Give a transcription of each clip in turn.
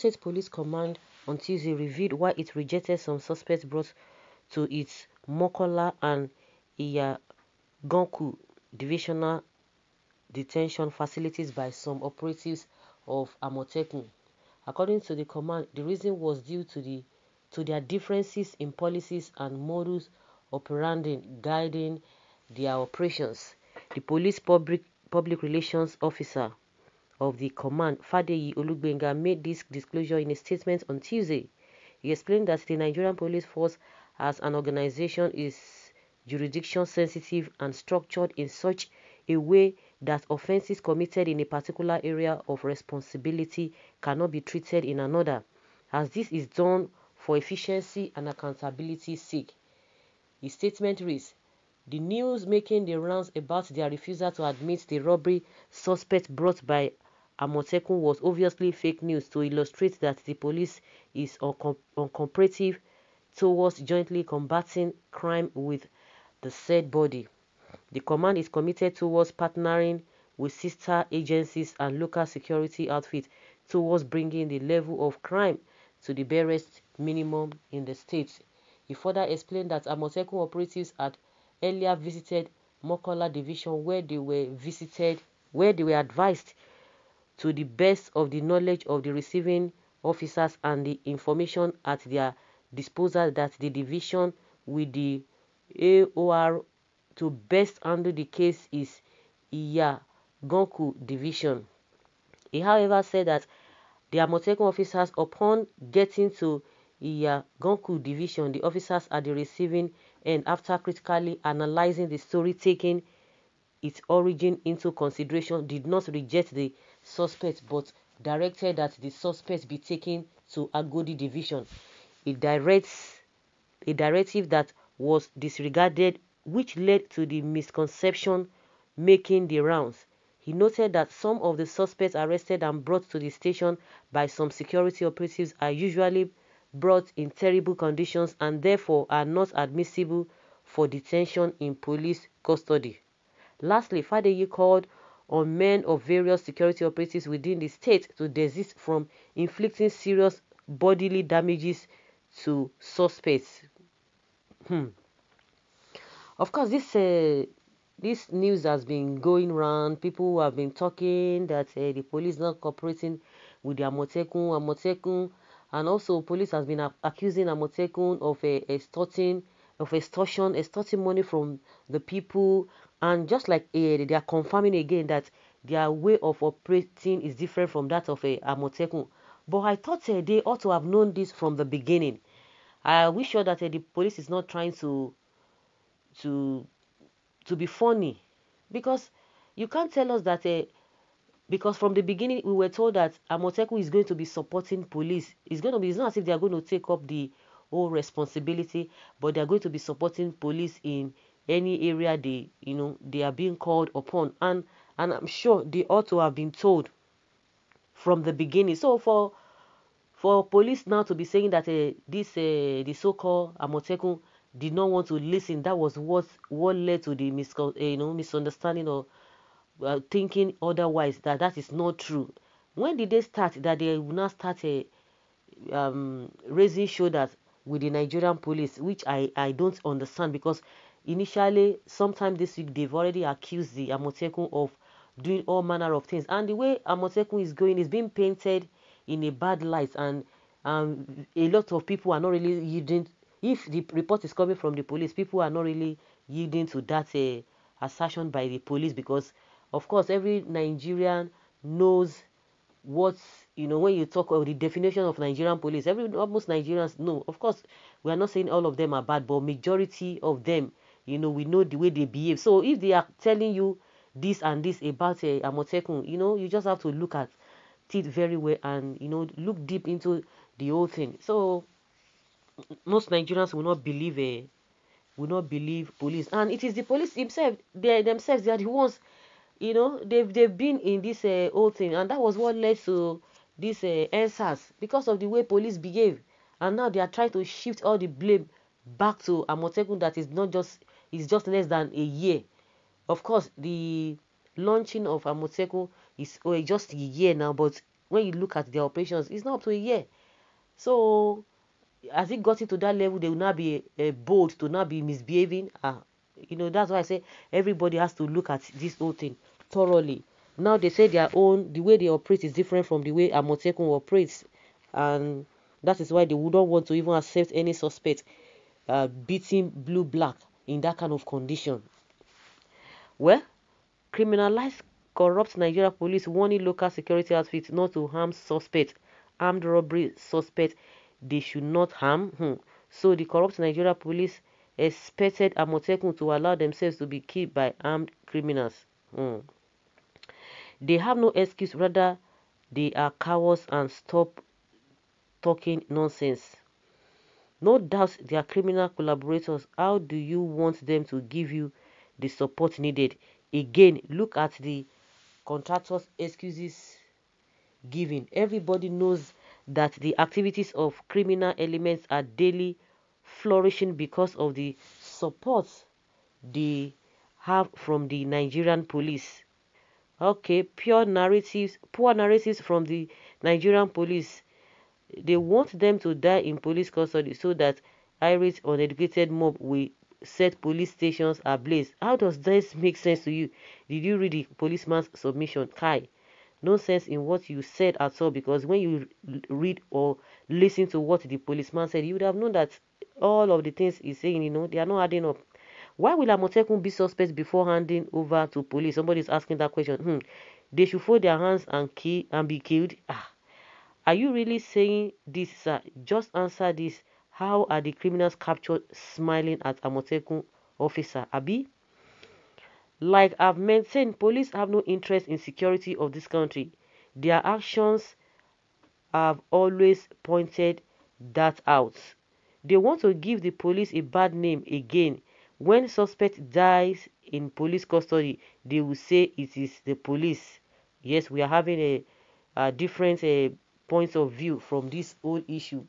State Police Command on Tuesday revealed why it rejected some suspects brought to its Mokola and Iyaganku divisional detention facilities by some operatives of Amotekun. According to the command, the reason was due to the to their differences in policies and modus operandi guiding their operations. The police public public relations officer of the command, Fadeyi Olugbenga, made this disclosure in a statement on Tuesday. He explained that the Nigerian police force as an organization is jurisdiction sensitive and structured in such a way that offenses committed in a particular area of responsibility cannot be treated in another, as this is done for efficiency and accountability's sake. His statement reads, the news making the rounds about their refusal to admit the robbery suspect brought by Amotekun was obviously fake news to illustrate that the police is uncom uncooperative towards jointly combating crime with the said body. The command is committed towards partnering with sister agencies and local security outfits towards bringing the level of crime to the barest minimum in the state. He further explained that Amotekun operatives had earlier visited Mokola division where they were visited where they were advised to the best of the knowledge of the receiving officers and the information at their disposal that the division with the AOR to best handle the case is Iyagonku Division. He, however, said that the Amotekun officers, upon getting to Iyagonku Division, the officers at the receiving end, after critically analyzing the story, taking its origin into consideration, did not reject the suspect but directed that the suspect be taken to Agodi Division. It directs a directive that was disregarded, which led to the misconception making the rounds. He noted that some of the suspects arrested and brought to the station by some security operatives are usually brought in terrible conditions and therefore are not admissible for detention in police custody. Lastly, Fadeye called on men of various security operatives within the state to desist from inflicting serious bodily damages to suspects. Hmm. Of course, this uh, this news has been going round. People have been talking that uh, the police not cooperating with the Amotekun, Amotekun, and also police has been accusing Amotekun of uh, extorting, of extortion, extorting money from the people, and just like eh, they are confirming again that their way of operating is different from that of a eh, Amotekun. But I thought uh, they ought to have known this from the beginning. I wish sure that the police is not trying to to to be funny because you can't tell us that uh, because from the beginning we were told that Amoteku is going to be supporting police. It's going to be it's not as if they are going to take up the whole responsibility, but they are going to be supporting police in any area they you know they are being called upon and and i'm sure they ought to have been told from the beginning so for for police now to be saying that uh, this uh, the so-called amotekun did not want to listen that was what what led to the mis- uh, you know misunderstanding or uh, thinking otherwise that that is not true when did they start that they would not start a uh, um, raising shoulders with the nigerian police which i i don't understand because Initially, sometime this week, they've already accused the Amotekun of doing all manner of things. And the way Amotekun is going is being painted in a bad light, and um, a lot of people are not really yielding. If the report is coming from the police, people are not really yielding to that uh, assertion by the police because, of course, every Nigerian knows what you know when you talk of the definition of Nigerian police. Every almost Nigerians know. Of course, we are not saying all of them are bad, but majority of them you know we know the way they behave so if they are telling you this and this about a uh, eh, amotekun you know you just have to look at it very well and you know look deep into the whole thing so most nigerians will not believe a eh, will not believe police and it is the police themselves they themselves they are the ones you know they've they've been in this uh, whole thing and that was what led to this uh, answers because of the way police behave and now they are trying to shift all the blame back to Amotekun that is not just is just less than a year. Of course, the launching of Amotekun is oh, just a year now, but when you look at the operations, it's not up to a year. So, as it got into that level, they will not be uh, bold to not be misbehaving. Uh, you know, that's why I say everybody has to look at this whole thing thoroughly. Now they say their own, the way they operate is different from the way Amotekun operates, and that is why they wouldn't want to even accept any suspect uh, beating blue black in that kind of condition. Well, criminalize corrupt Nigeria police warning local security outfits not to harm suspect, Armed robbery suspect they should not harm. Hmm. So the corrupt Nigeria police expected Amotekun to allow themselves to be killed by armed criminals. Hmm. They have no excuse, rather, they are cowards and stop talking nonsense. No doubt they are criminal collaborators. How do you want them to give you the support needed? Again, look at the contractors' excuses given. Everybody knows that the activities of criminal elements are daily flourishing because of the support they have from the Nigerian police. Okay, pure narratives, poor narratives from the Nigerian police they want them to die in police custody so that irate, uneducated mob will set police stations ablaze. How does this make sense to you? Did you read the policeman's submission? Kai, no sense in what you said at all because when you read or listen to what the policeman said, you would have known that all of the things he's saying, you know, they are not adding up. Why will Amotekun be suspect before handing over to police? Somebody is asking that question. Hmm. They should fold their hands and kill and be killed. Ah. Are you really saying this, sir? Just answer this. How are the criminals captured smiling at Amotekun officer? Abi? Like I've mentioned, police have no interest in security of this country. Their actions have always pointed that out. They want to give the police a bad name again. When suspect dies in police custody, they will say it is the police. Yes, we are having a, a different a eh, points of view from this whole issue.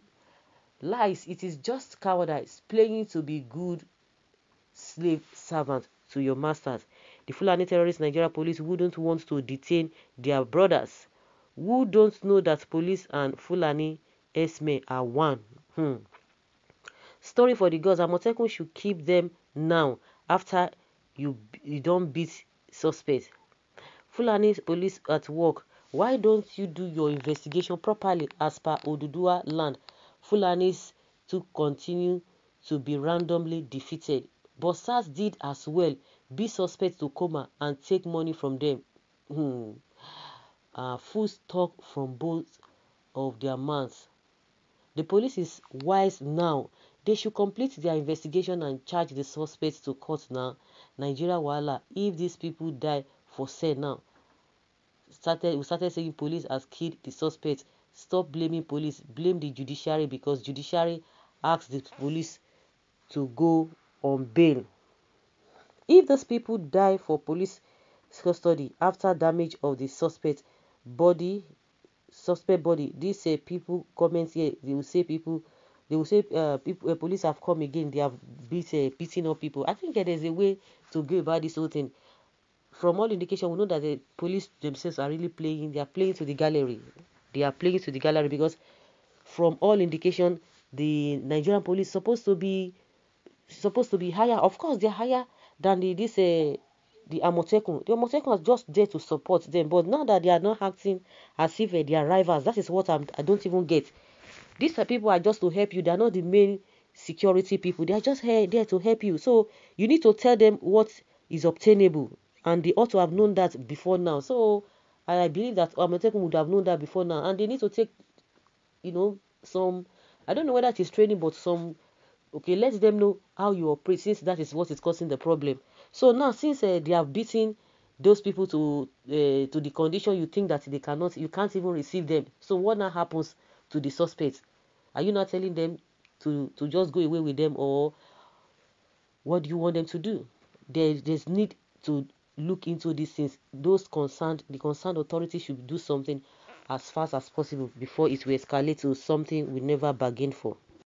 Lies, it is just cowardice, playing to be good slave servant to your masters. The Fulani terrorist Nigeria police wouldn't want to detain their brothers who don't know that police and Fulani Esme are one. Hmm. Story for the gods. Amotekun should keep them now after you, you don't beat suspects. Fulani police at work why don't you do your investigation properly as per Odudua land? Fulanis to continue to be randomly defeated. But did as well be suspect to coma and take money from them. Hmm. Uh, full stock from both of their mouths. The police is wise now. They should complete their investigation and charge the suspects to court now. Nigeria wala if these people die for say now started we started saying police has killed the suspect stop blaming police blame the judiciary because judiciary asked the police to go on bail if those people die for police custody after damage of the suspect body suspect body these uh, people comment here they will say people they will say uh, people, uh, police have come again they have beat, uh, beating up people i think there's a way to go about this whole thing from all indication we know that the police themselves are really playing they are playing to the gallery they are playing to the gallery because from all indication the nigerian police supposed to be supposed to be higher of course they're higher than the this uh, the Amotekun. The Amotekun was just there to support them, but now that they are not acting as if uh, they are rivals, that is what I'm, I do not even get. These people are just to help you. They are not the main security people. They are just here, there to help you. So you need to tell them what is obtainable and they ought to have known that before now. So I believe that Amatekun would have known that before now, and they need to take, you know, some. I don't know whether it is training, but some. Okay, let them know how you operate, since that is what is causing the problem. So now, since uh, they have beaten those people to uh, to the condition you think that they cannot, you can't even receive them. So what now happens to the suspects? Are you not telling them to to just go away with them, or what do you want them to do? There, there's need to look into these things. Those concerned, the concerned authority should do something as fast as possible before it will escalate to something we never bargained for.